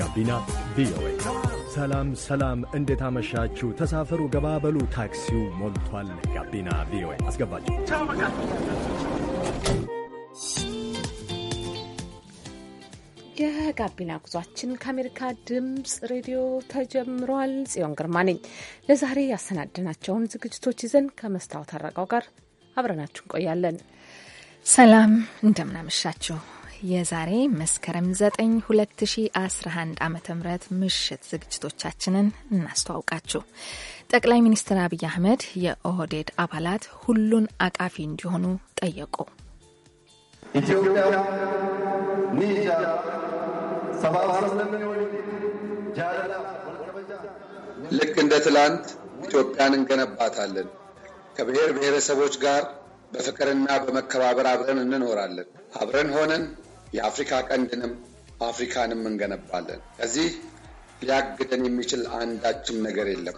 ጋቢና ቪኦኤ። ሰላም ሰላም፣ እንዴት አመሻችሁ? ተሳፈሩ፣ ገባበሉ፣ ታክሲው ሞልቷል። ጋቢና ቪኦኤ ሰላም ሰላም እንዴት አመሻችሁ ተሳፈሩ በሉ ታክሲው ሞልቷል ጋቢና ቪኦኤ አስገባችሁ የጋቢና ጉዟችን ከአሜሪካ ድምፅ ሬዲዮ ተጀምሯል። ጽዮን ግርማ ነኝ። ለዛሬ ያሰናድናቸውን ዝግጅቶች ይዘን ከመስታወት አረጋው ጋር አብረናችሁ እንቆያለን። ሰላም እንደምናመሻችሁ የዛሬ መስከረም 9 2011 ዓ ም ምሽት ዝግጅቶቻችንን እናስተዋውቃችሁ። ጠቅላይ ሚኒስትር አብይ አህመድ የኦህዴድ አባላት ሁሉን አቃፊ እንዲሆኑ ጠየቁ። ልክ እንደ ትላንት ኢትዮጵያን እንገነባታለን። ከብሔር ብሔረሰቦች ጋር በፍቅርና በመከባበር አብረን እንኖራለን። አብረን ሆነን የአፍሪካ ቀንድንም አፍሪካንም እንገነባለን። ከዚህ ሊያግደን የሚችል አንዳችም ነገር የለም።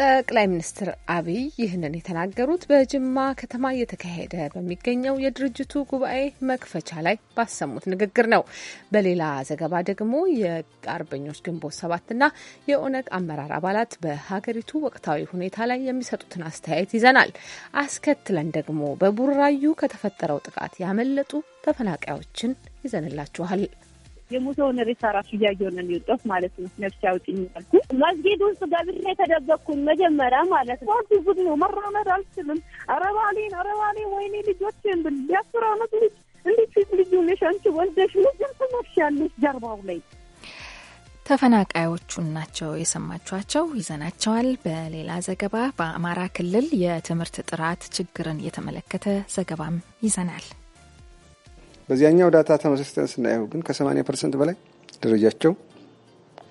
ጠቅላይ ሚኒስትር አብይ ይህንን የተናገሩት በጅማ ከተማ እየተካሄደ በሚገኘው የድርጅቱ ጉባኤ መክፈቻ ላይ ባሰሙት ንግግር ነው። በሌላ ዘገባ ደግሞ የአርበኞች ግንቦት ሰባትና የኦነግ አመራር አባላት በሀገሪቱ ወቅታዊ ሁኔታ ላይ የሚሰጡትን አስተያየት ይዘናል። አስከትለን ደግሞ በቡራዩ ከተፈጠረው ጥቃት ያመለጡ ተፈናቃዮችን ይዘንላችኋል። የሙሰውን ሬሳ ራሱ እያየሁ ነው የወጣሁት ማለት ነው። ነፍሴ አውጪኝ ያልኩ መስጊድ ውስጥ ገብሬ የተደበቅኩኝ መጀመሪያ ማለት ነው። ዲ ጉድ ነው። መራመድ አልችልም። አረባሌን አረባሌ ወይኔ ልጆችን ብል የአስር አመት ልጅ እንዴት ፊት ልጁ ነሽ ወልደሽ ልጅም ትመሻለሽ ጀርባው ላይ ተፈናቃዮቹ ናቸው የሰማችኋቸው። ይዘናቸዋል። በሌላ ዘገባ በአማራ ክልል የትምህርት ጥራት ችግርን የተመለከተ ዘገባም ይዘናል። በዚያኛው ዳታ ተመሳስተን ስናየው ግን ከ80 ፐርሰንት በላይ ደረጃቸው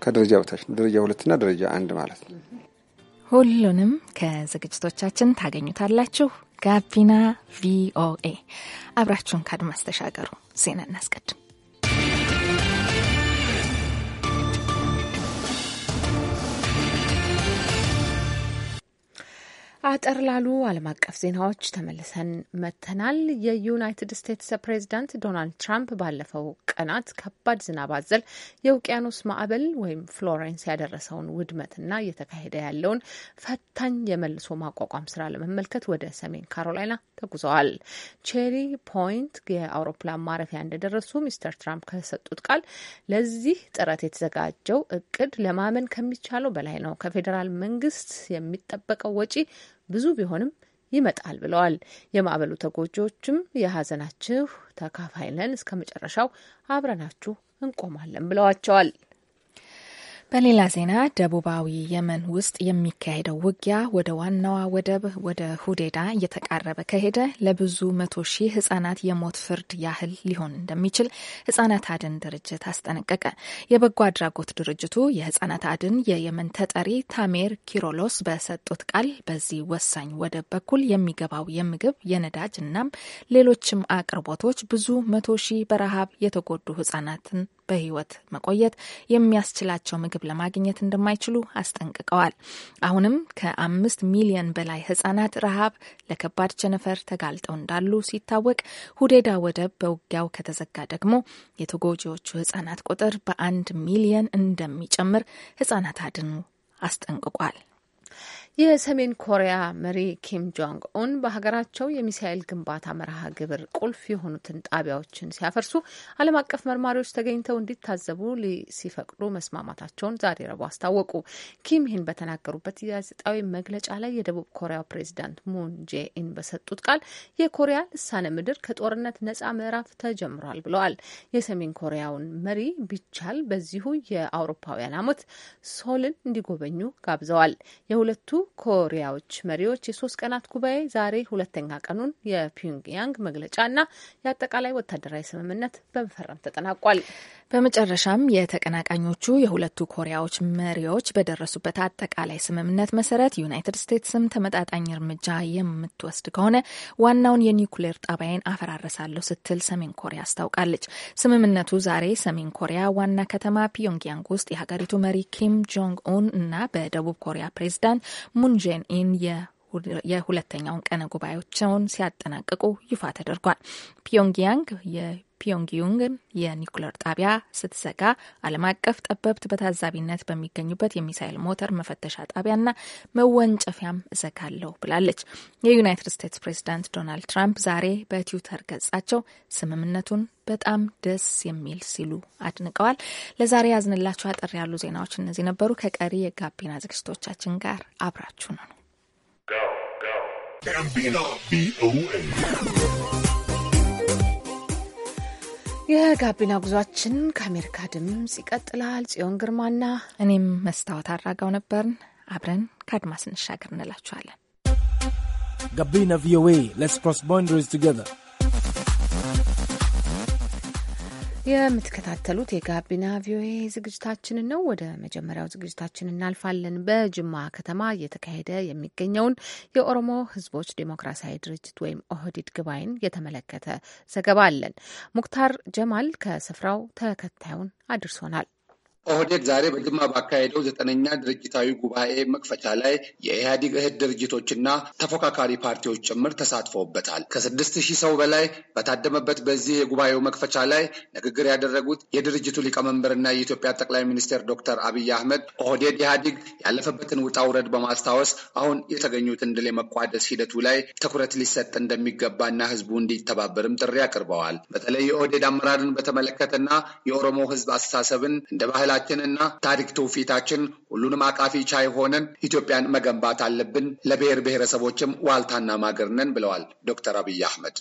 ከደረጃ በታች ደረጃ ሁለትና ደረጃ አንድ ማለት ነው። ሁሉንም ከዝግጅቶቻችን ታገኙታላችሁ። ጋቢና ቪኦኤ አብራችሁን ከአድማስ ተሻገሩ። ዜና እናስቀድም። አጠር ላሉ ዓለም አቀፍ ዜናዎች ተመልሰን መተናል። የዩናይትድ ስቴትስ ፕሬዚዳንት ዶናልድ ትራምፕ ባለፈው ቀናት ከባድ ዝናብ አዘል የውቅያኖስ ማዕበል ወይም ፍሎረንስ ያደረሰውን ውድመትና እየተካሄደ ያለውን ፈታኝ የመልሶ ማቋቋም ስራ ለመመልከት ወደ ሰሜን ካሮላይና ተጉዘዋል። ቼሪ ፖይንት የአውሮፕላን ማረፊያ እንደደረሱ ሚስተር ትራምፕ ከሰጡት ቃል ለዚህ ጥረት የተዘጋጀው እቅድ ለማመን ከሚቻለው በላይ ነው፣ ከፌዴራል መንግስት የሚጠበቀው ወጪ ብዙ ቢሆንም ይመጣል ብለዋል። የማዕበሉ ተጎጂዎችም የሀዘናችሁ ተካፋይ ነን፣ እስከ መጨረሻው አብረናችሁ እንቆማለን ብለዋቸዋል። በሌላ ዜና ደቡባዊ የመን ውስጥ የሚካሄደው ውጊያ ወደ ዋናዋ ወደብ ወደ ሁዴዳ እየተቃረበ ከሄደ ለብዙ መቶ ሺህ ህጻናት የሞት ፍርድ ያህል ሊሆን እንደሚችል ህጻናት አድን ድርጅት አስጠነቀቀ። የበጎ አድራጎት ድርጅቱ የህጻናት አድን የየመን ተጠሪ ታሜር ኪሮሎስ በሰጡት ቃል በዚህ ወሳኝ ወደብ በኩል የሚገባው የምግብ የነዳጅ እናም ሌሎችም አቅርቦቶች ብዙ መቶ ሺህ በረሃብ የተጎዱ ህጻናትን በህይወት መቆየት የሚያስችላቸው ምግብ ለማግኘት እንደማይችሉ አስጠንቅቀዋል። አሁንም ከአምስት ሚሊዮን በላይ ህጻናት ረሃብ ለከባድ ቸነፈር ተጋልጠው እንዳሉ ሲታወቅ፣ ሁዴዳ ወደብ በውጊያው ከተዘጋ ደግሞ የተጎጂዎቹ ህጻናት ቁጥር በአንድ ሚሊዮን እንደሚጨምር ህጻናት አድኑ አስጠንቅቋል። የሰሜን ኮሪያ መሪ ኪም ጆንግ ኡን በሀገራቸው የሚሳኤል ግንባታ መርሃ ግብር ቁልፍ የሆኑትን ጣቢያዎችን ሲያፈርሱ ዓለም አቀፍ መርማሪዎች ተገኝተው እንዲታዘቡ ሲፈቅዱ መስማማታቸውን ዛሬ ረቡዕ አስታወቁ። ኪም ይህን በተናገሩበት የጋዜጣዊ መግለጫ ላይ የደቡብ ኮሪያው ፕሬዚዳንት ሙን ጄኢን በሰጡት ቃል የኮሪያ ልሳነ ምድር ከጦርነት ነጻ ምዕራፍ ተጀምሯል ብለዋል። የሰሜን ኮሪያውን መሪ ቢቻል በዚሁ የአውሮፓውያን ዓመት ሶልን እንዲጎበኙ ጋብዘዋል። የሁለቱ ኮሪያዎች መሪዎች የሶስት ቀናት ጉባኤ ዛሬ ሁለተኛ ቀኑን የፒዮንግያንግ መግለጫና የአጠቃላይ ወታደራዊ ስምምነት በመፈረም ተጠናቋል። በመጨረሻም የተቀናቃኞቹ የሁለቱ ኮሪያዎች መሪዎች በደረሱበት አጠቃላይ ስምምነት መሰረት ዩናይትድ ስቴትስም ተመጣጣኝ እርምጃ የምትወስድ ከሆነ ዋናውን የኒውክሌር ጣቢያን አፈራረሳለሁ ስትል ሰሜን ኮሪያ አስታውቃለች። ስምምነቱ ዛሬ ሰሜን ኮሪያ ዋና ከተማ ፒዮንግያንግ ውስጥ የሀገሪቱ መሪ ኪም ጆንግ ኡን እና በደቡብ ኮሪያ ፕሬዚዳንት Moon Jae-in ihr የሁለተኛውን ቀነ ጉባኤዎቸውን ሲያጠናቅቁ ይፋ ተደርጓል። ፒዮንግያንግ የፒዮንግዩንግን የኒኩለር ጣቢያ ስትዘጋ ዓለም አቀፍ ጠበብት በታዛቢነት በሚገኙበት የሚሳይል ሞተር መፈተሻ ጣቢያና መወንጨፊያም እዘጋለሁ ብላለች። የዩናይትድ ስቴትስ ፕሬዚዳንት ዶናልድ ትራምፕ ዛሬ በትዊተር ገጻቸው ስምምነቱን በጣም ደስ የሚል ሲሉ አድንቀዋል። ለዛሬ ያዝንላችሁ አጠር ያሉ ዜናዎች እነዚህ ነበሩ። ከቀሪ የጋቢና ዝግጅቶቻችን ጋር አብራችሁ ነው። ጋቢና ቪኦኤ የጋቢና ጉዟችን ከአሜሪካ ድምፅ ይቀጥላል። ጽዮን ግርማና እኔም መስታወት አድራገው ነበርን። አብረን ከአድማስ እንሻገር እንላችኋለን። ጋቢና ቪኦኤ ሌትስ ክሮስ ባውንደሪስ ቱጌዘር የምትከታተሉት የጋቢና ቪኦኤ ዝግጅታችንን ነው። ወደ መጀመሪያው ዝግጅታችን እናልፋለን። በጅማ ከተማ እየተካሄደ የሚገኘውን የኦሮሞ ሕዝቦች ዴሞክራሲያዊ ድርጅት ወይም ኦህዲድ ግባይን የተመለከተ ዘገባ አለን። ሙክታር ጀማል ከስፍራው ተከታዩን አድርሶናል። ኦህዴድ ዛሬ በጅማ ባካሄደው ዘጠነኛ ድርጅታዊ ጉባኤ መክፈቻ ላይ የኢህአዴግ እህት ድርጅቶችና ተፎካካሪ ፓርቲዎች ጭምር ተሳትፈውበታል። ከስድስት ሺህ ሰው በላይ በታደመበት በዚህ የጉባኤው መክፈቻ ላይ ንግግር ያደረጉት የድርጅቱ ሊቀመንበርና የኢትዮጵያ ጠቅላይ ሚኒስትር ዶክተር አብይ አህመድ ኦህዴድ ኢህአዴግ ያለፈበትን ውጣ ውረድ በማስታወስ አሁን የተገኙትን ድል የመቋደስ ሂደቱ ላይ ትኩረት ሊሰጥ እንደሚገባና ህዝቡ እንዲተባበርም ጥሪ አቅርበዋል። በተለይ የኦህዴድ አመራርን በተመለከተና የኦሮሞ ህዝብ አስተሳሰብን እንደ ባህል ባህላችንና ታሪክ ትውፊታችን ሁሉንም አቃፊ ቻይ ሆነን ኢትዮጵያን መገንባት አለብን። ለብሔር ብሔረሰቦችም ዋልታና ማገር ነን ብለዋል ዶክተር አብይ አህመድ።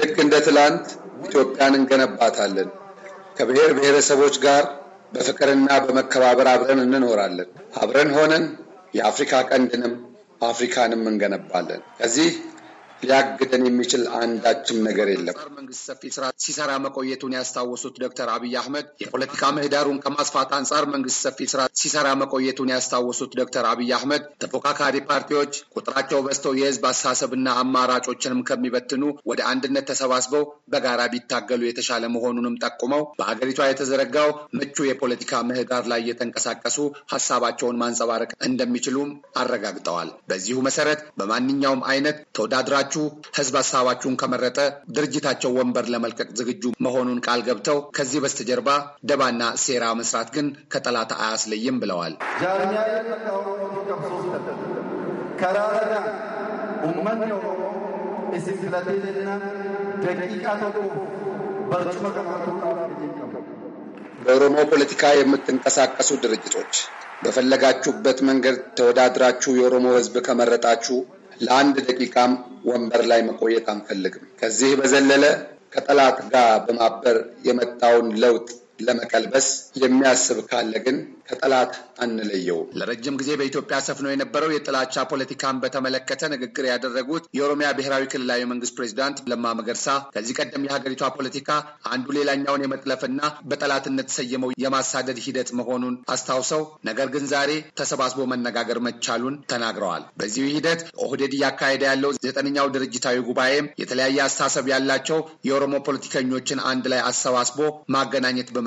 ልክ እንደ ትላንት ኢትዮጵያን እንገነባታለን። ከብሔር ብሔረሰቦች ጋር በፍቅርና በመከባበር አብረን እንኖራለን። አብረን ሆነን የአፍሪካ ቀንድንም አፍሪካንም እንገነባለን። ከዚህ ሊያግደን የሚችል አንዳችም ነገር የለም። መንግስት ሰፊ ስራ ሲሰራ መቆየቱን ያስታወሱት ዶክተር አብይ አህመድ የፖለቲካ ምህዳሩን ከማስፋት አንጻር መንግስት ሰፊ ስራ ሲሰራ መቆየቱን ያስታወሱት ዶክተር አብይ አህመድ ተፎካካሪ ፓርቲዎች ቁጥራቸው በዝተው የህዝብ አስተሳሰብና አማራጮችንም ከሚበትኑ ወደ አንድነት ተሰባስበው በጋራ ቢታገሉ የተሻለ መሆኑንም ጠቁመው በሀገሪቷ የተዘረጋው ምቹ የፖለቲካ ምህዳር ላይ የተንቀሳቀሱ ሀሳባቸውን ማንጸባረቅ እንደሚችሉም አረጋግጠዋል። በዚሁ መሰረት በማንኛውም አይነት ተወዳድራቸው መራጩ ህዝብ ሀሳባችሁን ከመረጠ ድርጅታቸው ወንበር ለመልቀቅ ዝግጁ መሆኑን ቃል ገብተው ከዚህ በስተጀርባ ደባና ሴራ መስራት ግን ከጠላት አያስለይም ብለዋል። በኦሮሞ ፖለቲካ የምትንቀሳቀሱ ድርጅቶች በፈለጋችሁበት መንገድ ተወዳድራችሁ የኦሮሞ ህዝብ ከመረጣችሁ ለአንድ ደቂቃም ወንበር ላይ መቆየት አንፈልግም። ከዚህ በዘለለ ከጠላት ጋር በማበር የመጣውን ለውጥ ለመቀልበስ የሚያስብ ካለ ግን ከጠላት አንለየው። ለረጅም ጊዜ በኢትዮጵያ ሰፍኖ የነበረው የጥላቻ ፖለቲካን በተመለከተ ንግግር ያደረጉት የኦሮሚያ ብሔራዊ ክልላዊ መንግስት ፕሬዚዳንት ለማ መገርሳ ከዚህ ቀደም የሀገሪቷ ፖለቲካ አንዱ ሌላኛውን የመጥለፍና በጠላትነት ሰየመው የማሳደድ ሂደት መሆኑን አስታውሰው ነገር ግን ዛሬ ተሰባስቦ መነጋገር መቻሉን ተናግረዋል። በዚሁ ሂደት ኦህዴድ እያካሄደ ያለው ዘጠነኛው ድርጅታዊ ጉባኤም የተለያየ አስተሳሰብ ያላቸው የኦሮሞ ፖለቲከኞችን አንድ ላይ አሰባስቦ ማገናኘት በመ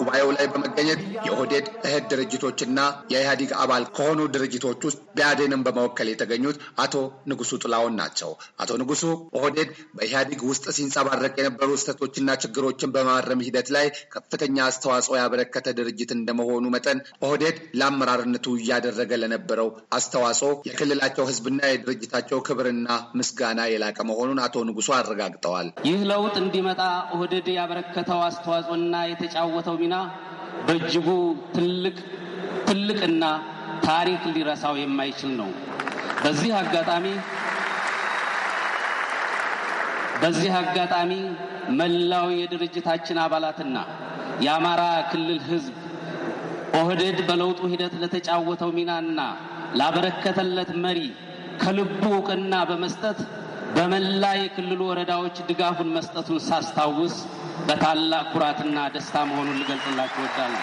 ጉባኤው ላይ በመገኘት የኦህዴድ እህት ድርጅቶችና የኢህአዲግ አባል ከሆኑ ድርጅቶች ውስጥ ብአዴንን በመወከል የተገኙት አቶ ንጉሱ ጥላውን ናቸው። አቶ ንጉሱ ኦህዴድ በኢህአዲግ ውስጥ ሲንጸባረቅ የነበሩ ስህተቶችና ችግሮችን በማረም ሂደት ላይ ከፍተኛ አስተዋጽኦ ያበረከተ ድርጅት እንደመሆኑ መጠን ኦህዴድ ለአመራርነቱ እያደረገ ለነበረው አስተዋጽኦ የክልላቸው ህዝብና የድርጅታቸው ክብርና ምስጋና የላቀ መሆኑን አቶ ንጉሱ አረጋግጠዋል። ይህ ለውጥ እንዲመጣ ኦህዴድ ያበረከተ ያበረከተው አስተዋጽኦና የተጫወተው ሚና በእጅጉ ትልቅ ትልቅና ታሪክ ሊረሳው የማይችል ነው። በዚህ አጋጣሚ በዚህ አጋጣሚ መላው የድርጅታችን አባላትና የአማራ ክልል ሕዝብ ኦህደድ በለውጡ ሂደት ለተጫወተው ሚናና ላበረከተለት መሪ ከልቡ እውቅና በመስጠት በመላ የክልሉ ወረዳዎች ድጋፉን መስጠቱን ሳስታውስ በታላቅ ኩራትና ደስታ መሆኑን ልገልጽላችሁ እወዳለሁ።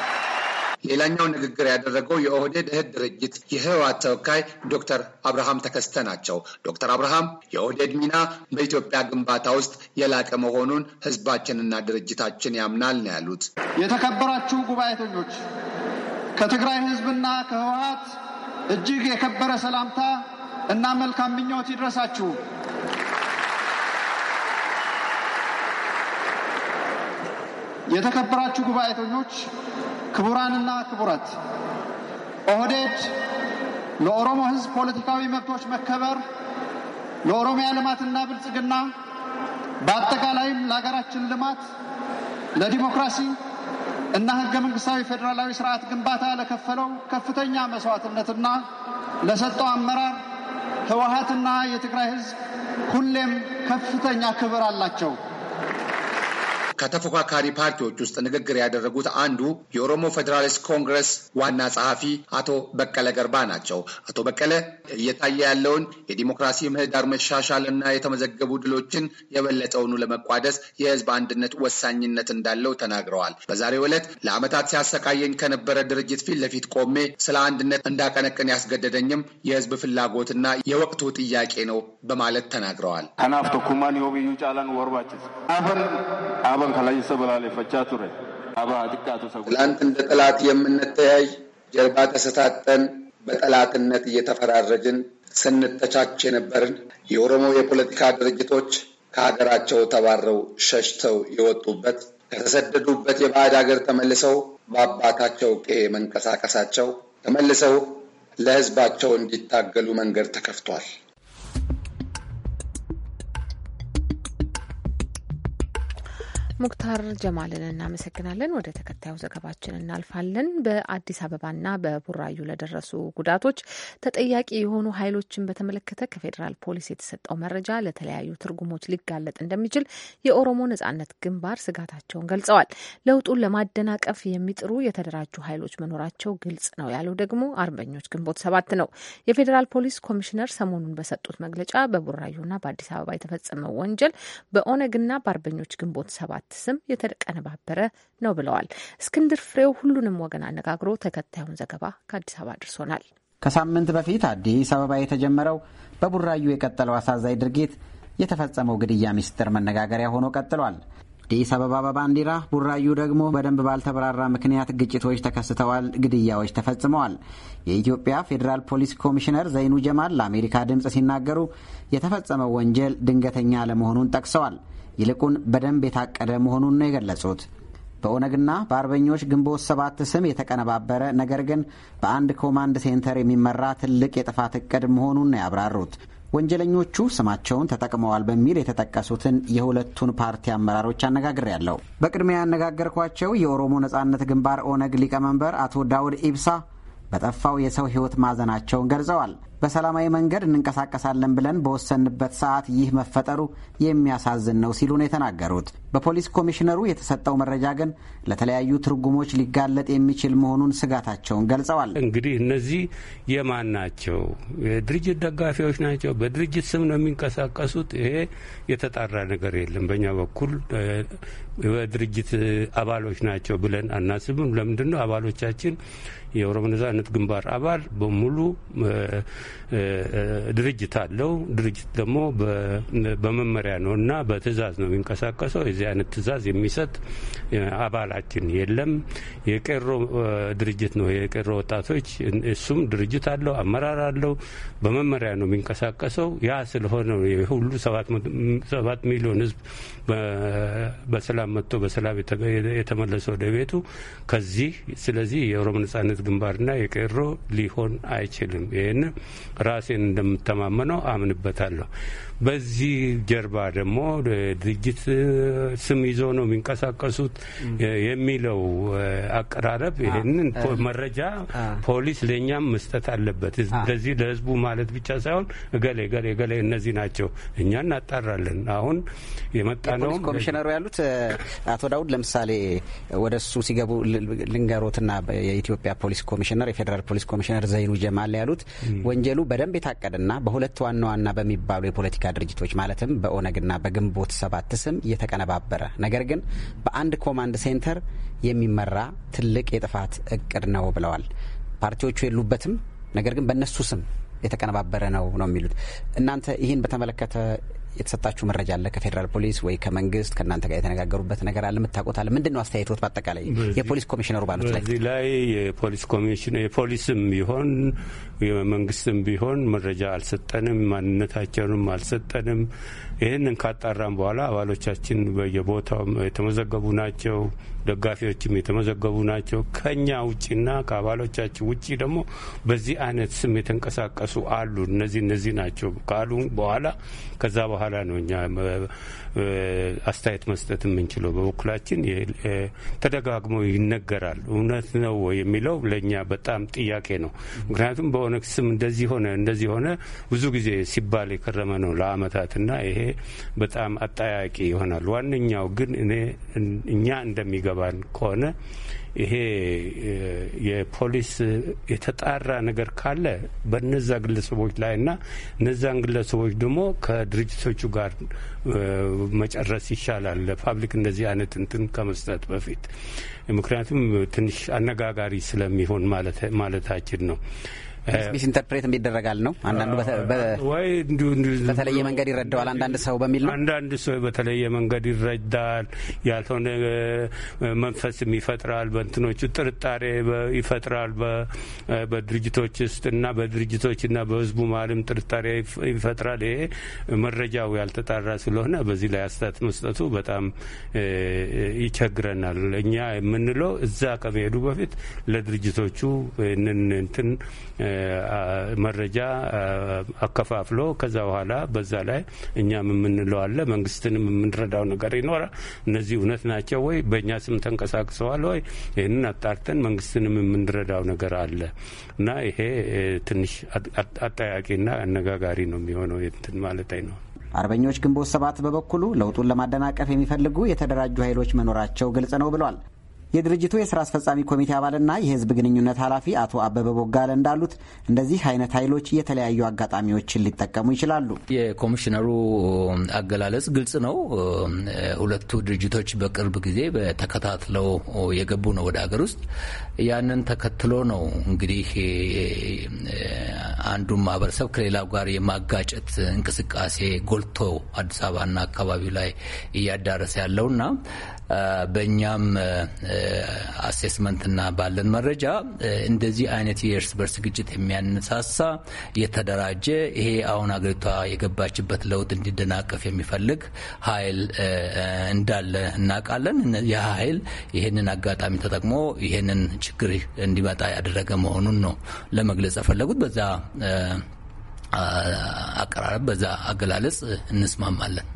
ሌላኛው ንግግር ያደረገው የኦህዴድ እህት ድርጅት የህወሓት ተወካይ ዶክተር አብርሃም ተከስተ ናቸው። ዶክተር አብርሃም የኦህዴድ ሚና በኢትዮጵያ ግንባታ ውስጥ የላቀ መሆኑን ህዝባችንና ድርጅታችን ያምናል ነው ያሉት። የተከበራችሁ ጉባኤተኞች፣ ከትግራይ ህዝብና ከህወሓት እጅግ የከበረ ሰላምታ እና መልካም ምኞት ይድረሳችሁ። የተከበራችሁ ጉባኤተኞች፣ ክቡራንና ክቡራት፣ ኦህዴድ ለኦሮሞ ሕዝብ ፖለቲካዊ መብቶች መከበር፣ ለኦሮሚያ ልማትና ብልጽግና፣ በአጠቃላይም ለሀገራችን ልማት፣ ለዲሞክራሲ እና ህገ መንግስታዊ ፌዴራላዊ ስርዓት ግንባታ ለከፈለው ከፍተኛ መስዋዕትነትና ለሰጠው አመራር ህወሀትና የትግራይ ህዝብ ሁሌም ከፍተኛ ክብር አላቸው። ከተፎካካሪ ፓርቲዎች ውስጥ ንግግር ያደረጉት አንዱ የኦሮሞ ፌዴራሊስት ኮንግረስ ዋና ጸሐፊ አቶ በቀለ ገርባ ናቸው። አቶ በቀለ እየታየ ያለውን የዲሞክራሲ ምህዳር መሻሻል እና የተመዘገቡ ድሎችን የበለጠውኑ ለመቋደስ የህዝብ አንድነት ወሳኝነት እንዳለው ተናግረዋል። በዛሬው ዕለት ለዓመታት ሲያሰቃየኝ ከነበረ ድርጅት ፊት ለፊት ቆሜ ስለ አንድነት እንዳቀነቅን ያስገደደኝም የህዝብ ፍላጎትና የወቅቱ ጥያቄ ነው በማለት ተናግረዋል። ከናፍ ኩማን ሆብዩ ጫላን ወርባጭስ ትላንት እንደ ጠላት የምንተያይ ጀርባ ተሰታጠን በጠላትነት እየተፈራረጅን ስንተቻች የነበርን የኦሮሞ የፖለቲካ ድርጅቶች ከሀገራቸው ተባረው ሸሽተው የወጡበት ከተሰደዱበት የባዕድ ሀገር ተመልሰው በአባታቸው ቄ መንቀሳቀሳቸው ተመልሰው ለሕዝባቸው እንዲታገሉ መንገድ ተከፍቷል። ሙክታር ጀማልን እናመሰግናለን። ወደ ተከታዩ ዘገባችን እናልፋለን። በአዲስ አበባና በቡራዩ ለደረሱ ጉዳቶች ተጠያቂ የሆኑ ኃይሎችን በተመለከተ ከፌዴራል ፖሊስ የተሰጠው መረጃ ለተለያዩ ትርጉሞች ሊጋለጥ እንደሚችል የኦሮሞ ነጻነት ግንባር ስጋታቸውን ገልጸዋል። ለውጡን ለማደናቀፍ የሚጥሩ የተደራጁ ኃይሎች መኖራቸው ግልጽ ነው ያለው ደግሞ አርበኞች ግንቦት ሰባት ነው። የፌዴራል ፖሊስ ኮሚሽነር ሰሞኑን በሰጡት መግለጫ በቡራዩና በአዲስ አበባ የተፈጸመው ወንጀል በኦነግና በአርበኞች ግንቦት ሰባት ስም የተቀነባበረ ነው ብለዋል። እስክንድር ፍሬው ሁሉንም ወገን አነጋግሮ ተከታዩን ዘገባ ከአዲስ አበባ አድርሶናል። ከሳምንት በፊት አዲስ አበባ የተጀመረው በቡራዩ የቀጠለው አሳዛኝ ድርጊት የተፈጸመው ግድያ ምስጢር መነጋገሪያ ሆኖ ቀጥሏል። አዲስ አበባ በባንዲራ ቡራዩ ደግሞ በደንብ ባልተብራራ ምክንያት ግጭቶች ተከስተዋል፣ ግድያዎች ተፈጽመዋል። የኢትዮጵያ ፌዴራል ፖሊስ ኮሚሽነር ዘይኑ ጀማል ለአሜሪካ ድምፅ ሲናገሩ የተፈጸመው ወንጀል ድንገተኛ ለመሆኑን ጠቅሰዋል። ይልቁን በደንብ የታቀደ መሆኑን ነው የገለጹት። በኦነግና በአርበኞች ግንቦት ሰባት ስም የተቀነባበረ ነገር ግን በአንድ ኮማንድ ሴንተር የሚመራ ትልቅ የጥፋት እቅድ መሆኑን ነው ያብራሩት። ወንጀለኞቹ ስማቸውን ተጠቅመዋል በሚል የተጠቀሱትን የሁለቱን ፓርቲ አመራሮች ያለው በቅድሚያ ያነጋገርኳቸው የኦሮሞ ነጻነት ግንባር ኦነግ ሊቀመንበር አቶ ዳውድ ኢብሳ በጠፋው የሰው ሕይወት ማዘናቸውን ገልጸዋል። በሰላማዊ መንገድ እንንቀሳቀሳለን ብለን በወሰንበት ሰዓት ይህ መፈጠሩ የሚያሳዝን ነው ሲሉ ነው የተናገሩት። በፖሊስ ኮሚሽነሩ የተሰጠው መረጃ ግን ለተለያዩ ትርጉሞች ሊጋለጥ የሚችል መሆኑን ስጋታቸውን ገልጸዋል። እንግዲህ እነዚህ የማን ናቸው? የድርጅት ደጋፊዎች ናቸው። በድርጅት ስም ነው የሚንቀሳቀሱት። ይሄ የተጣራ ነገር የለም። በእኛ በኩል በድርጅት አባሎች ናቸው ብለን አናስብም። ለምንድን ነው አባሎቻችን የኦሮሞ ነጻነት ግንባር አባል በሙሉ ድርጅት አለው። ድርጅት ደግሞ በመመሪያ ነው እና በትዕዛዝ ነው የሚንቀሳቀሰው። የዚህ አይነት ትዕዛዝ የሚሰጥ አባላችን የለም። የቄሮ ድርጅት ነው የቄሮ ወጣቶች፣ እሱም ድርጅት አለው፣ አመራር አለው፣ በመመሪያ ነው የሚንቀሳቀሰው። ያ ስለሆነ ሁሉ ሰባት ሚሊዮን ህዝብ በሰላም መጥቶ በሰላም የተመለሰ ወደ ቤቱ ከዚህ ስለዚህ የኦሮሞ ነጻነት ግንባርና የቄሮ ሊሆን አይችልም። ይህን ራሴን እንደምተማመነው አምንበታለሁ። በዚህ ጀርባ ደግሞ ድርጅት ስም ይዞ ነው የሚንቀሳቀሱት የሚለው አቀራረብ ይህንን መረጃ ፖሊስ ለእኛም መስጠት አለበት። ለዚህ ለህዝቡ ማለት ብቻ ሳይሆን እገሌ እገሌ እገሌ እነዚህ ናቸው እኛ እናጣራለን። አሁን የመጣ ነው ኮሚሽነሩ ያሉት አቶ ዳውድ ለምሳሌ ወደ እሱ ሲገቡ ልንገሮትና የኢትዮጵያ ፖሊስ ኮሚሽነር የፌዴራል ፖሊስ ኮሚሽነር ዘይኑ ጀማል ያሉት ወንጀሉ በደንብ የታቀደና በሁለት ዋና ዋና በሚባሉ የፖለቲካ የፖለቲካ ድርጅቶች ማለትም በኦነግና በግንቦት ሰባት ስም የተቀነባበረ ነገር ግን በአንድ ኮማንድ ሴንተር የሚመራ ትልቅ የጥፋት እቅድ ነው ብለዋል። ፓርቲዎቹ የሉበትም፣ ነገር ግን በእነሱ ስም የተቀነባበረ ነው ነው የሚሉት። እናንተ ይህን በተመለከተ የተሰጣችሁ መረጃ አለ ከፌዴራል ፖሊስ ወይ ከመንግስት ከእናንተ ጋር የተነጋገሩበት ነገር አለ የምታውቁት አለ ምንድን ነው አስተያየቶት በአጠቃላይ የፖሊስ ኮሚሽነሩ ባሉት ላይ በዚህ ላይ የፖሊስ ኮሚሽን የፖሊስም ቢሆን የመንግስትም ቢሆን መረጃ አልሰጠንም ማንነታቸውንም አልሰጠንም ይህንን ካጣራም በኋላ አባሎቻችን በየቦታው የተመዘገቡ ናቸው። ደጋፊዎችም የተመዘገቡ ናቸው። ከኛ ውጭና ከአባሎቻችን ውጭ ደግሞ በዚህ አይነት ስም የተንቀሳቀሱ አሉ። እነዚህ እነዚህ ናቸው ካሉ በኋላ ከዛ በኋላ ነው እኛ አስተያየት መስጠት የምንችለው። በበኩላችን ተደጋግሞ ይነገራል። እውነት ነው የሚለው ለእኛ በጣም ጥያቄ ነው። ምክንያቱም በኦነግ ስም እንደዚህ ሆነ እንደዚህ ሆነ ብዙ ጊዜ ሲባል የከረመ ነው ለአመታትና ይሄ በጣም አጠያቂ ይሆናል። ዋነኛው ግን እኔ እኛ እንደሚገባን ከሆነ ይሄ የፖሊስ የተጣራ ነገር ካለ በነዛ ግለሰቦች ላይ እና እነዛን ግለሰቦች ደግሞ ከድርጅቶቹ ጋር መጨረስ ይሻላል ለፓብሊክ እንደዚህ አይነት እንትን ከመስጠት በፊት ምክንያቱም ትንሽ አነጋጋሪ ስለሚሆን ማለታችን ነው። ሚስ ኢንተርፕሬት ይደረጋል ነው። አንዳንዱ ወይ በተለየ መንገድ ይረዳዋል፣ አንዳንድ ሰው በሚል ነው። አንዳንድ ሰው በተለየ መንገድ ይረዳል፣ ያልሆነ መንፈስም ይፈጥራል፣ በእንትኖቹ ጥርጣሬ ይፈጥራል፣ በድርጅቶች ውስጥ እና በድርጅቶች እና በህዝቡ መሀልም ጥርጣሬ ይፈጥራል። ይሄ መረጃው ያልተጣራ ስለሆነ በዚህ ላይ አስተያየት መስጠቱ በጣም ይቸግረናል። እኛ የምንለው እዛ ከመሄዱ በፊት ለድርጅቶቹ ይህንን እንትን መረጃ አከፋፍሎ ከዛ በኋላ በዛ ላይ እኛም የምንለው አለ፣ መንግስትንም የምንረዳው ነገር ይኖራል። እነዚህ እውነት ናቸው ወይ በእኛ ስም ተንቀሳቅሰዋል ወይ ይህንን አጣርተን መንግስትንም የምንረዳው ነገር አለ እና ይሄ ትንሽ አጠያቂና አነጋጋሪ ነው የሚሆነው እንትን ማለት ነው። አርበኞች ግንቦት ሰባት በበኩሉ ለውጡን ለማደናቀፍ የሚፈልጉ የተደራጁ ኃይሎች መኖራቸው ግልጽ ነው ብሏል። የድርጅቱ የስራ አስፈጻሚ ኮሚቴ አባልና የህዝብ ግንኙነት ኃላፊ አቶ አበበ ቦጋለ እንዳሉት እንደዚህ አይነት ኃይሎች የተለያዩ አጋጣሚዎችን ሊጠቀሙ ይችላሉ። የኮሚሽነሩ አገላለጽ ግልጽ ነው። ሁለቱ ድርጅቶች በቅርብ ጊዜ ተከታትለው የገቡ ነው ወደ ሀገር ውስጥ። ያንን ተከትሎ ነው እንግዲህ አንዱን ማህበረሰብ ከሌላው ጋር የማጋጨት እንቅስቃሴ ጎልቶ አዲስ አበባና አካባቢው ላይ እያዳረሰ ያለውና በእኛም አሴስመንትና ባለን መረጃ እንደዚህ አይነት የእርስ በርስ ግጭት የሚያነሳሳ የተደራጀ ይሄ አሁን አገሪቷ የገባችበት ለውጥ እንዲደናቀፍ የሚፈልግ ኃይል እንዳለ እናውቃለን። ያ ኃይል ይህንን አጋጣሚ ተጠቅሞ ይህንን ችግር እንዲመጣ ያደረገ መሆኑን ነው ለመግለጽ የፈለጉት በዛ አቀራረብ በዛ አገላለጽ እንስማማለን።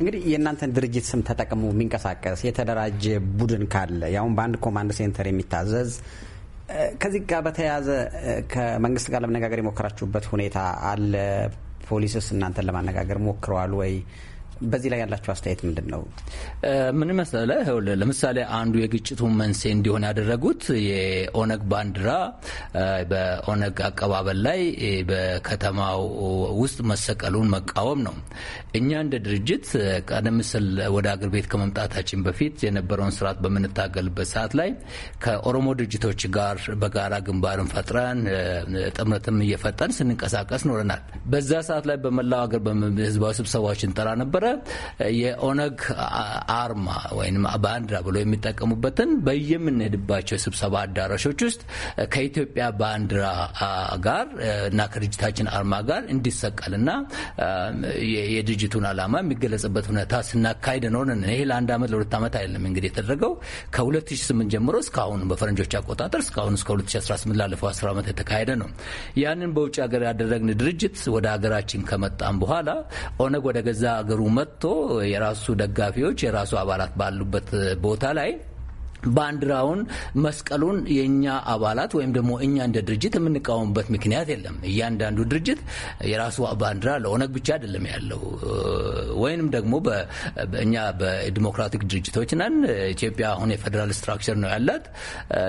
እንግዲህ የእናንተን ድርጅት ስም ተጠቅሞ የሚንቀሳቀስ የተደራጀ ቡድን ካለ ያሁን በአንድ ኮማንድ ሴንተር የሚታዘዝ ከዚህ ጋር በተያያዘ ከመንግስት ጋር ለመነጋገር የሞከራችሁበት ሁኔታ አለ? ፖሊስስ እናንተን ለማነጋገር ሞክረዋል ወይ? በዚህ ላይ ያላቸው አስተያየት ምንድን ነው? ምን መሰለህ፣ ለምሳሌ አንዱ የግጭቱ መንስኤ እንዲሆን ያደረጉት የኦነግ ባንዲራ በኦነግ አቀባበል ላይ በከተማው ውስጥ መሰቀሉን መቃወም ነው። እኛ እንደ ድርጅት ቀደም ሲል ወደ አገር ቤት ከመምጣታችን በፊት የነበረውን ስርዓት በምንታገልበት ሰዓት ላይ ከኦሮሞ ድርጅቶች ጋር በጋራ ግንባርን ፈጥረን ጥምረትም እየፈጠን ስንንቀሳቀስ ኖረናል። በዛ ሰዓት ላይ በመላው ሀገር ህዝባዊ ስብሰባዎች እንጠራ ነበረ። የኦነግ አርማ ወይም ባንዲራ ብሎ የሚጠቀሙበትን በየምንሄድባቸው የስብሰባ አዳራሾች ውስጥ ከኢትዮጵያ ባንዲራ ጋር እና ከድርጅታችን አርማ ጋር እንዲሰቀልና የድርጅቱን ዓላማ የሚገለጽበት ሁኔታ ስናካሄድ ነው። ይሄ ለአንድ ዓመት ለሁለት ዓመት አይደለም እንግዲህ የተደረገው ከ2008 ጀምሮ እስካሁን በፈረንጆች አቆጣጠር እስካሁን እስከ 2018 ላለፈው 10 ዓመት የተካሄደ ነው። ያንን በውጭ ሀገር ያደረግን ድርጅት ወደ ሀገራችን ከመጣም በኋላ ኦነግ ወደ ገዛ ሀገሩ መጥቶ የራሱ ደጋፊዎች የራሱ አባላት ባሉበት ቦታ ላይ ባንዲራውን መስቀሉን የእኛ አባላት ወይም ደግሞ እኛ እንደ ድርጅት የምንቃወምበት ምክንያት የለም። እያንዳንዱ ድርጅት የራሱ ባንዲራ ለኦነግ ብቻ አይደለም ያለው። ወይንም ደግሞ እኛ በዲሞክራቲክ ድርጅቶች ነን። ኢትዮጵያ አሁን የፌዴራል ስትራክቸር ነው ያላት።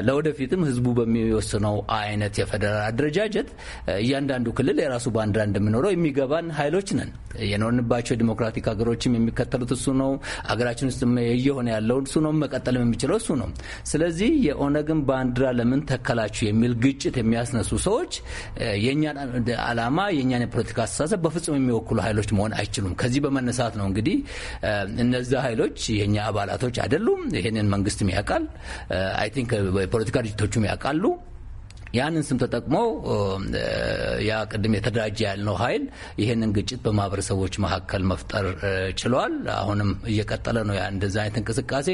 ለወደፊትም ህዝቡ በሚወስነው አይነት የፌዴራል አደረጃጀት እያንዳንዱ ክልል የራሱ ባንዲራ እንደሚኖረው የሚገባን ኃይሎች ነን። የኖርንባቸው ዲሞክራቲክ ሀገሮችም የሚከተሉት እሱ ነው። ሀገራችን ውስጥ እየሆነ ያለው እሱ ነው። መቀጠልም የሚችለው እሱ ነው። ነው። ስለዚህ የኦነግን ባንዲራ ለምን ተከላችሁ የሚል ግጭት የሚያስነሱ ሰዎች የእኛን አላማ የእኛን የፖለቲካ አስተሳሰብ በፍጹም የሚወክሉ ኃይሎች መሆን አይችሉም። ከዚህ በመነሳት ነው እንግዲህ እነዚ ኃይሎች የእኛ አባላቶች አይደሉም። ይህንን መንግስትም ያውቃል። አይ ቲንክ የፖለቲካ ድርጅቶቹም ያውቃሉ። ያንን ስም ተጠቅሞ ያ ቅድም የተደራጀ ያልነው ኃይል ይህንን ግጭት በማህበረሰቦች መካከል መፍጠር ችሏል። አሁንም እየቀጠለ ነው ያ እንደዚ አይነት እንቅስቃሴ።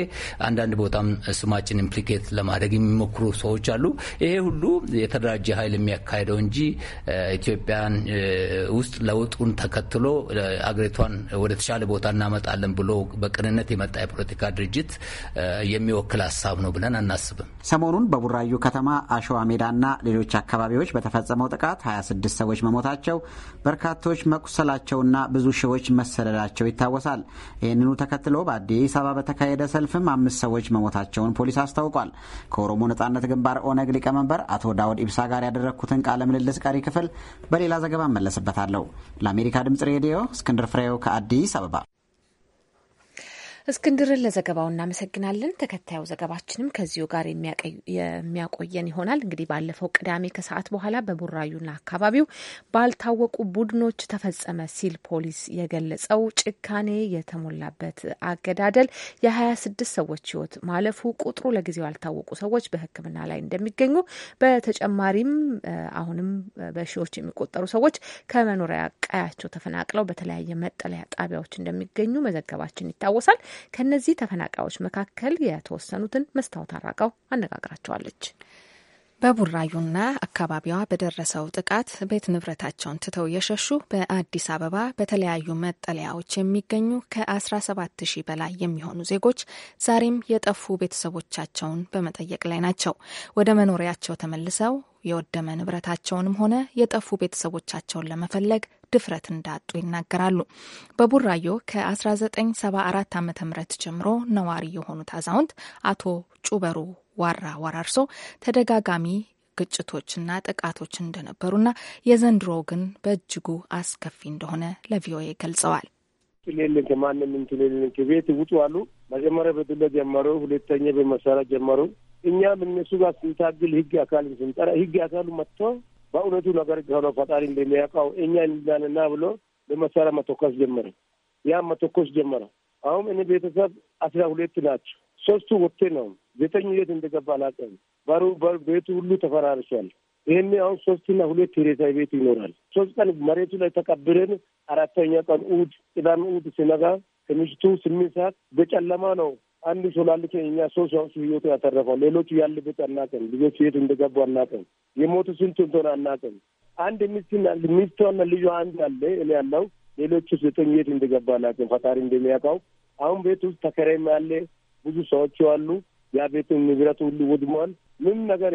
አንዳንድ ቦታም ስማችን ኢምፕሊኬት ለማድረግ የሚሞክሩ ሰዎች አሉ። ይሄ ሁሉ የተደራጀ ኃይል የሚያካሄደው እንጂ ኢትዮጵያን ውስጥ ለውጡን ተከትሎ አገሪቷን ወደ ተሻለ ቦታ እናመጣለን ብሎ በቅንነት የመጣ የፖለቲካ ድርጅት የሚወክል ሀሳብ ነው ብለን አናስብም። ሰሞኑን በቡራዩ ከተማ አሸዋ ሜዳና ሌሎች አካባቢዎች በተፈጸመው ጥቃት 26 ሰዎች መሞታቸው፣ በርካቶች መቁሰላቸውና ብዙ ሺዎች መሰደዳቸው ይታወሳል። ይህንኑ ተከትሎ በአዲስ አበባ በተካሄደ ሰልፍም አምስት ሰዎች መሞታቸውን ፖሊስ አስታውቋል። ከኦሮሞ ነጻነት ግንባር ኦነግ ሊቀመንበር አቶ ዳውድ ኢብሳ ጋር ያደረግኩትን ቃለ ምልልስ ቀሪ ክፍል በሌላ ዘገባ እመለስበታለሁ። ለአሜሪካ ድምጽ ሬዲዮ እስክንድር ፍሬው ከአዲስ አበባ እስክንድርን ለዘገባው እናመሰግናለን። ተከታዩ ዘገባችንም ከዚሁ ጋር የሚያቆየን ይሆናል። እንግዲህ ባለፈው ቅዳሜ ከሰዓት በኋላ በቡራዩና አካባቢው ባልታወቁ ቡድኖች ተፈጸመ ሲል ፖሊስ የገለጸው ጭካኔ የተሞላበት አገዳደል የ26 ሰዎች ሕይወት ማለፉ ቁጥሩ ለጊዜው ያልታወቁ ሰዎች በሕክምና ላይ እንደሚገኙ በተጨማሪም አሁንም በሺዎች የሚቆጠሩ ሰዎች ከመኖሪያ ቀያቸው ተፈናቅለው በተለያየ መጠለያ ጣቢያዎች እንደሚገኙ መዘገባችን ይታወሳል። ከእነዚህ ተፈናቃዮች መካከል የተወሰኑትን መስታወት አራጋው አነጋግራቸዋለች። በቡራዩና አካባቢዋ በደረሰው ጥቃት ቤት ንብረታቸውን ትተው የሸሹ በአዲስ አበባ በተለያዩ መጠለያዎች የሚገኙ ከ17 ሺህ በላይ የሚሆኑ ዜጎች ዛሬም የጠፉ ቤተሰቦቻቸውን በመጠየቅ ላይ ናቸው። ወደ መኖሪያቸው ተመልሰው የወደመ ንብረታቸውንም ሆነ የጠፉ ቤተሰቦቻቸውን ለመፈለግ ድፍረት እንዳጡ ይናገራሉ። በቡራዮ ከ1974 ዓ ም ጀምሮ ነዋሪ የሆኑት አዛውንት አቶ ጩበሩ ዋራ ወራርሶ ተደጋጋሚ ግጭቶችና ጥቃቶች እንደነበሩና የዘንድሮ ግን በእጅጉ አስከፊ እንደሆነ ለቪኦኤ ገልጸዋል። ትልልንክ ማንም ትልልንክ ቤት ውጡ አሉ። መጀመሪያ በዱላ ጀመሩ፣ ሁለተኛ በመሳሪያ ጀመሩ። እኛም እነሱ ጋር ስንታግል ህግ አካል ስንጠራ ህግ አካሉ መጥቶ በእውነቱ ነገር ከሆነ ፈጣሪ እንደሚያውቀው እኛ እንዳንና ብሎ በመሳሪያ መተኮስ ጀመረ። ያ መተኮስ ጀመረ። አሁን እኔ ቤተሰብ አስራ ሁለት ናቸው። ሶስቱ ወጥቴ ነው ዘጠኝ የት እንደገባ አላውቅም። ባሩ ቤቱ ሁሉ ተፈራርሷል። ይህን አሁን ሶስትና ሁለት የሬሳ ቤት ይኖራል። ሶስት ቀን መሬቱ ላይ ተቀብረን አራተኛ ቀን እሑድ ቅዳሜ እሑድ ሲነጋ ከምሽቱ ስምንት ሰዓት በጨለማ ነው አንድ ሶላልክ እኛ ሶስት ሰዎች ህይወቱ ያተረፈው ሌሎቹ ያለበት አናውቅም። ልጆች የት እንደገቡ አናውቅም። የሞቱ ስንት እንደሆነ አናውቅም። አንድ ሚስትና ሚስቷና ልዩ አንድ አለ እኔ ያለው ሌሎቹ ዘጠኝ የት እንደገባ አናውቅም። ፈጣሪ እንደሚያውቀው አሁን ቤት ውስጥ ተከራይም ያለ ብዙ ሰዎች አሉ። ያ ቤቱን ንብረት ሁሉ ወድሟል። ምንም ነገር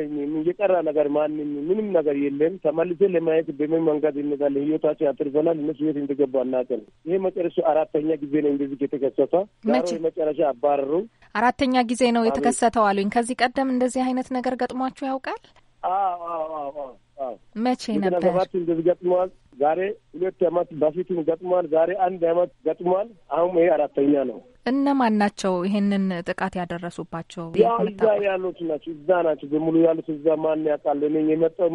የቀራ ነገር ማንም ምንም ነገር የለም። ተመልሴ ለማየት በምን መንገድ እንዛለን? ህይወታችን ያትርፈናል። እነሱ ቤት እንደገቡ አናውቅም። ይሄ መጨረሻ አራተኛ ጊዜ ነው እንደዚህ የተከሰተ። ዳሮ መጨረሻ አባረሩ። አራተኛ ጊዜ ነው የተከሰተው አሉኝ። ከዚህ ቀደም እንደዚህ አይነት ነገር ገጥሟችሁ ያውቃል? መቼ ነበር? ሰባት እንደዚህ ገጥመዋል። ዛሬ ሁለት አመት በፊትም ገጥሟል። ዛሬ አንድ አመት ገጥሟል። አሁን ይሄ አራተኛ ነው። እነማን ናቸው ይሄንን ጥቃት ያደረሱባቸው? ያው እዛ ያሉት ናቸው። እዛ ናቸው በሙሉ ያሉት እዛ። ማን ያውቃል? እኔ የመጣው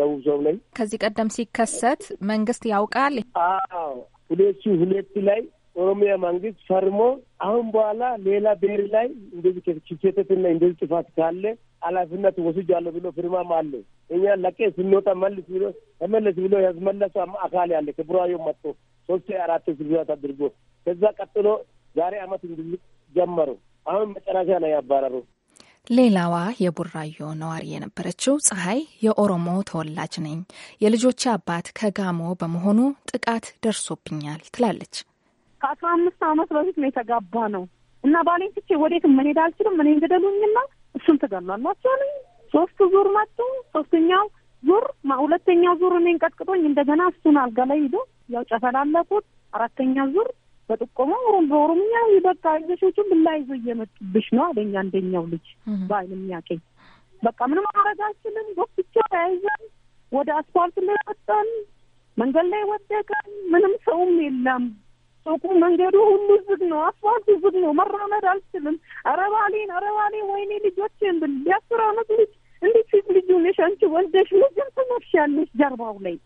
ደቡብ ሰው ነኝ። ከዚህ ቀደም ሲከሰት መንግስት ያውቃል። አዎ ሁለት ሁለት ላይ ኦሮሚያ መንግስት ፈርሞ አሁን በኋላ ሌላ ብሔር ላይ እንደዚህ ከተችተትና እንደዚህ ጥፋት ካለ ኃላፊነት ወስጃለሁ ብሎ ፊርማም አለ። እኛ ለቄ ስንወጣ መልስ ብሎ ተመለስ ብሎ ያስመለሱ አካል ያለ ከቡራዮ መጥቶ ሶስት አራት ስብዛት አድርጎ ከዛ ቀጥሎ ዛሬ አመት እንድል ጀመሩ። አሁን መጨረሻ ነው ያባረሩ። ሌላዋ የቡራዮ ነዋሪ የነበረችው ፀሐይ የኦሮሞ ተወላጅ ነኝ፣ የልጆች አባት ከጋሞ በመሆኑ ጥቃት ደርሶብኛል ትላለች። ከአስራ አምስት አመት በፊት ነው የተጋባ ነው እና ባሌን ትቼ ወዴትም መሄድ አልችልም። እኔን ግደሉኝና እሱም ተጋሏላቸው ነኝ ሶስቱ ዙር መጡ። ሶስተኛው ዙር ሁለተኛው ዙር እኔን ቀጥቅጦኝ እንደገና እሱን አልጋ ላይ ሂዶ ያው ጨፈላለኩት። አራተኛ ዙር በጥቆማ ሩም በኦሮምኛ በቃ እነሾቹን ብላ ይዞ እየመጡብሽ ነው አለኛ አንደኛው ልጅ በአይን የሚያቀኝ በቃ ምንም ማድረግ አልችልም። ጎትቼ ተያይዘን ወደ አስፋልት ላይ ወጣን። መንገድ ላይ ወደቀን። ምንም ሰውም የለም። ሱቁ፣ መንገዱ ሁሉ ዝግ ነው። አስፋልቱ ዝግ ነው። መራመድ አልችልም። ኧረ አረባሌ ወይኔ ልጆቼን ብል የአስር አመት ልጅ እንዴት ሴት ልጁ ነሽ አንቺ ወልደሽ ልጅም ትነፍሻለሽ ጀርባው ላይ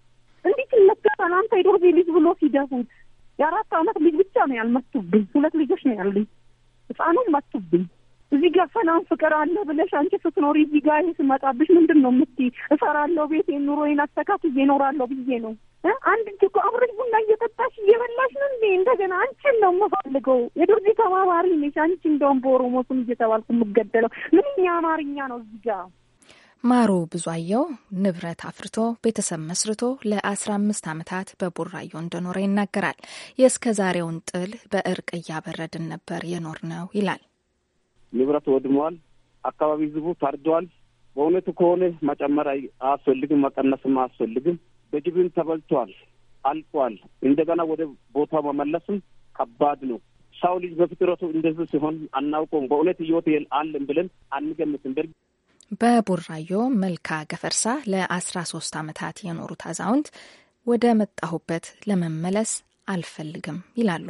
እንዴት ይመከታል? አንተ የዶርዜ ልጅ ብሎ ሲደፉት የአራት አመት ልጅ ብቻ ነው ያልመቱብኝ። ሁለት ልጆች ነው ያለኝ። ህፃኑም መቱብኝ። እዚህ ጋር ሰላም ፍቅር አለ ብለሽ አንቺ ስትኖሪ እዚህ ጋር ይህ ስመጣብሽ ምንድን ነው የምትይ? እሰራለሁ፣ ቤቴን ኑሮዬን አስተካክዬ እኖራለሁ ብዬ ነው አንድ እንጂ እኮ አብረሽ ቡና እየጠጣሽ እየበላሽ ነው እንዴ? እንደገና አንቺን ነው የምፈልገው። የዱርዚ ተባባሪ ነሽ አንቺ። እንደውም በኦሮሞ ስም እየተባልኩ የምገደለው ምንኛ አማርኛ ነው እዚህ ጋ ማሩ ብዙአየው ንብረት አፍርቶ ቤተሰብ መስርቶ ለ15 ዓመታት በቡራዮ እንደኖረ ይናገራል። የእስከ ዛሬውን ጥል በእርቅ እያበረድን ነበር የኖር ነው ይላል። ንብረት ወድሟል። አካባቢ ህዝቡ ታርደዋል። በእውነቱ ከሆነ መጨመር አያስፈልግም፣ መቀነስም አያስፈልግም። በጅብም ተበልቷል፣ አልቋል። እንደገና ወደ ቦታው መመለስም ከባድ ነው። ሰው ልጅ በፍጥረቱ እንደዚህ ሲሆን አናውቀውም። በእውነት ህይወት አለን ብለን አንገምትም። በርግ በቡራዮ መልካ ገፈርሳ ለአስራ ሶስት አመታት የኖሩት አዛውንት ወደ መጣሁበት ለመመለስ አልፈልግም ይላሉ።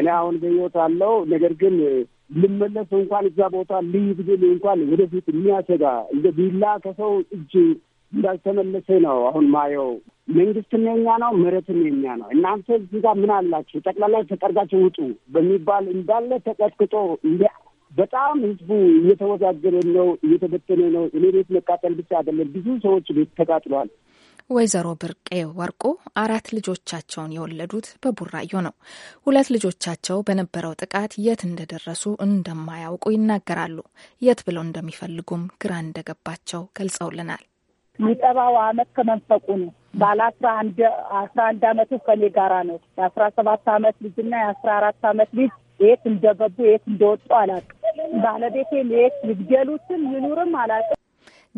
እኔ አሁን በህይወት አለው ነገር ግን ልመለስ እንኳን እዛ ቦታ ልይት ግን እንኳን ወደፊት የሚያሰጋ እንደ ቢላ ከሰው እጅ እንዳልተመለሰ ነው አሁን ማየው። መንግስትም የኛ ነው፣ መሬትም የኛ ነው። እናንተ እዚህ ጋር ምን አላችሁ? ጠቅላላ ተጠርጋችሁ ውጡ በሚባል እንዳለ ተቀጥቅጦ በጣም ህዝቡ እየተወጋገረ ነው፣ እየተበተነ ነው። እኔ ቤት መቃጠል ብቻ አይደለም፣ ብዙ ሰዎች ቤት ተቃጥሏል። ወይዘሮ ብርቄ ወርቁ አራት ልጆቻቸውን የወለዱት በቡራዮ ነው። ሁለት ልጆቻቸው በነበረው ጥቃት የት እንደደረሱ እንደማያውቁ ይናገራሉ። የት ብለው እንደሚፈልጉም ግራ እንደገባቸው ገልጸውልናል። የሚጠባው አመት ከመንፈቁ ነው። ባለ አስራ አንድ አስራ አንድ አመቱ ከኔ ጋራ ነው። የአስራ ሰባት አመት ልጅና የአስራ አራት አመት ልጅ የት እንደገቡ የት እንደወጡ አላውቅም። ባለቤቴ የት ልግደሉትም ይኑርም አላውቅም።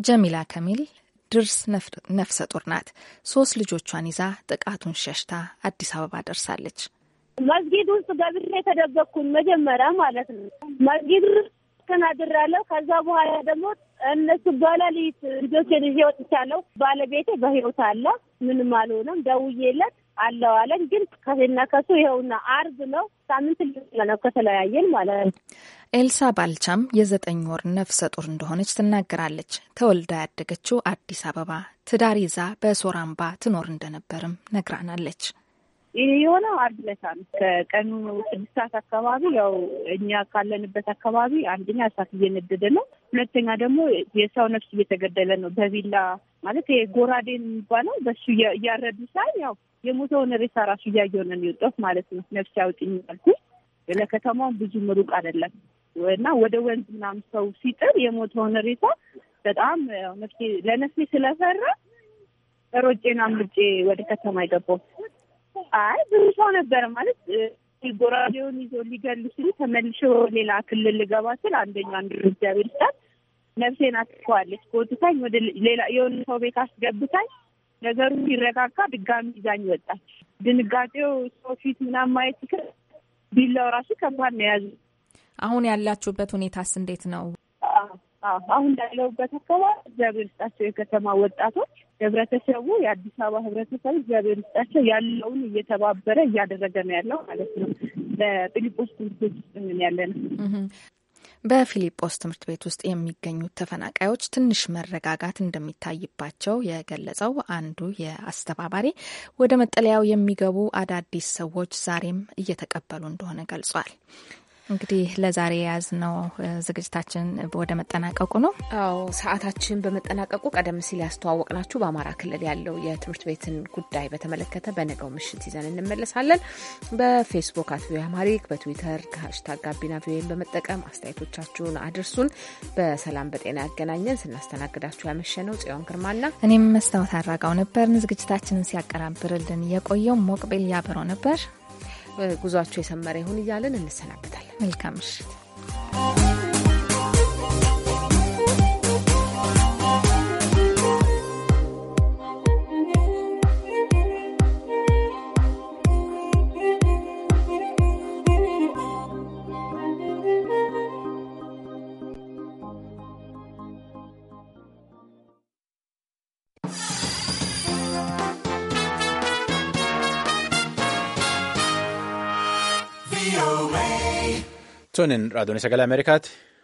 ጀሚላ ከሚል ድርስ ነፍሰ ጡር ናት። ሶስት ልጆቿን ይዛ ጥቃቱን ሸሽታ አዲስ አበባ ደርሳለች። መስጊድ ውስጥ ገብሬ የተደበቅኩኝ መጀመሪያ ማለት ነው። መስጊድ ውስጥ አስተናግሬያለሁ። ከዛ በኋላ ደግሞ እነሱ በኋላ በሌሊት ልጆችን ይዤ ወጥቻለሁ። ባለቤቴ በህይወት አለ፣ ምንም አልሆነም። ደውዬለት አለዋለን ግን ከና ከሱ ይኸውና አርብ ነው ሳምንት ነው ከተለያየን ማለት ነው። ኤልሳ ባልቻም የዘጠኝ ወር ነፍሰ ጡር እንደሆነች ትናገራለች። ተወልዳ ያደገችው አዲስ አበባ ትዳር ይዛ በሶራምባ ትኖር እንደነበርም ነግራናለች። ይህ የሆነው አርብ ዕለት ነው። ከቀኑ ስድስት ሰዓት አካባቢ ያው እኛ ካለንበት አካባቢ አንደኛ እሳት እየነደደ ነው፣ ሁለተኛ ደግሞ የሰው ነፍስ እየተገደለ ነው። በቪላ ማለት ይሄ ጎራዴ የሚባለው በሱ እያረዱ ሳይ ያው የሞተውን ሬሳ ራሱ እያየሁ ነው የሚወጣው ማለት ነው። ነፍስ ያውጭኝ ያልኩ ለከተማውን ብዙም ሩቅ አይደለም እና ወደ ወንዝ ምናምን ሰው ሲጥር የሞተውን ሬሳ በጣም ነፍሴ ለነፍሴ ስለፈራ ሮጬና ምርጬ ወደ ከተማ የገባሁት አይ ብሩቷ ነበር ማለት ጎራዴውን ይዞ ሊገሉ ሲሉ ተመልሾ ሌላ ክልል ልገባ ስል አንደኛ አንድ እርምጃ ቤልሳት ነፍሴን አትኳዋለች። ጎትታኝ ወደ ሌላ የሆነ ሰው ቤት አስገብታኝ ነገሩ ሲረጋጋ ድጋሚ ይዛኝ ወጣች። ድንጋጤው ሰው ፊት ምናምን ማየት ሲክር ቢላው ራሱ ከባድ ነው የያዙ። አሁን ያላችሁበት ሁኔታስ እንዴት ነው? አሁን ያለሁበት አካባቢ እግዚአብሔር ይስጣቸው የከተማ ወጣቶች ህብረተሰቡ የአዲስ አበባ ህብረተሰብ እግዚአብሔር ይስጣቸው ያለውን እየተባበረ እያደረገ ነው ያለው ማለት ነው። በፊልጶስ ትምህርት ቤት ውስጥ ምን ያለ ነው። በፊሊጶስ ትምህርት ቤት ውስጥ የሚገኙት ተፈናቃዮች ትንሽ መረጋጋት እንደሚታይባቸው የገለጸው አንዱ የአስተባባሪ ወደ መጠለያው የሚገቡ አዳዲስ ሰዎች ዛሬም እየተቀበሉ እንደሆነ ገልጿል። እንግዲህ ለዛሬ የያዝነው ዝግጅታችን ወደ መጠናቀቁ ነው። አዎ ሰዓታችን በመጠናቀቁ ቀደም ሲል ያስተዋወቅናችሁ በአማራ ክልል ያለው የትምህርት ቤትን ጉዳይ በተመለከተ በነገው ምሽት ይዘን እንመለሳለን። በፌስቡክ አት ቪኦኤ አማሪክ፣ በትዊተር ከሀሽታግ ጋቢና ቪኦኤን በመጠቀም አስተያየቶቻችሁን አድርሱን። በሰላም በጤና ያገናኘን። ስናስተናግዳችሁ ያመሸነው ጽዮን ግርማና እኔም መስታወት አራጋው ነበርን። ዝግጅታችንን ሲያቀራብርልን የቆየው ሞቅቤል ያበረው ነበር። ጉዟቸው የሰመረ ይሁን እያለን እንሰናበታለን። መልካም ምሽት። Tooniin raadiyoon sagalee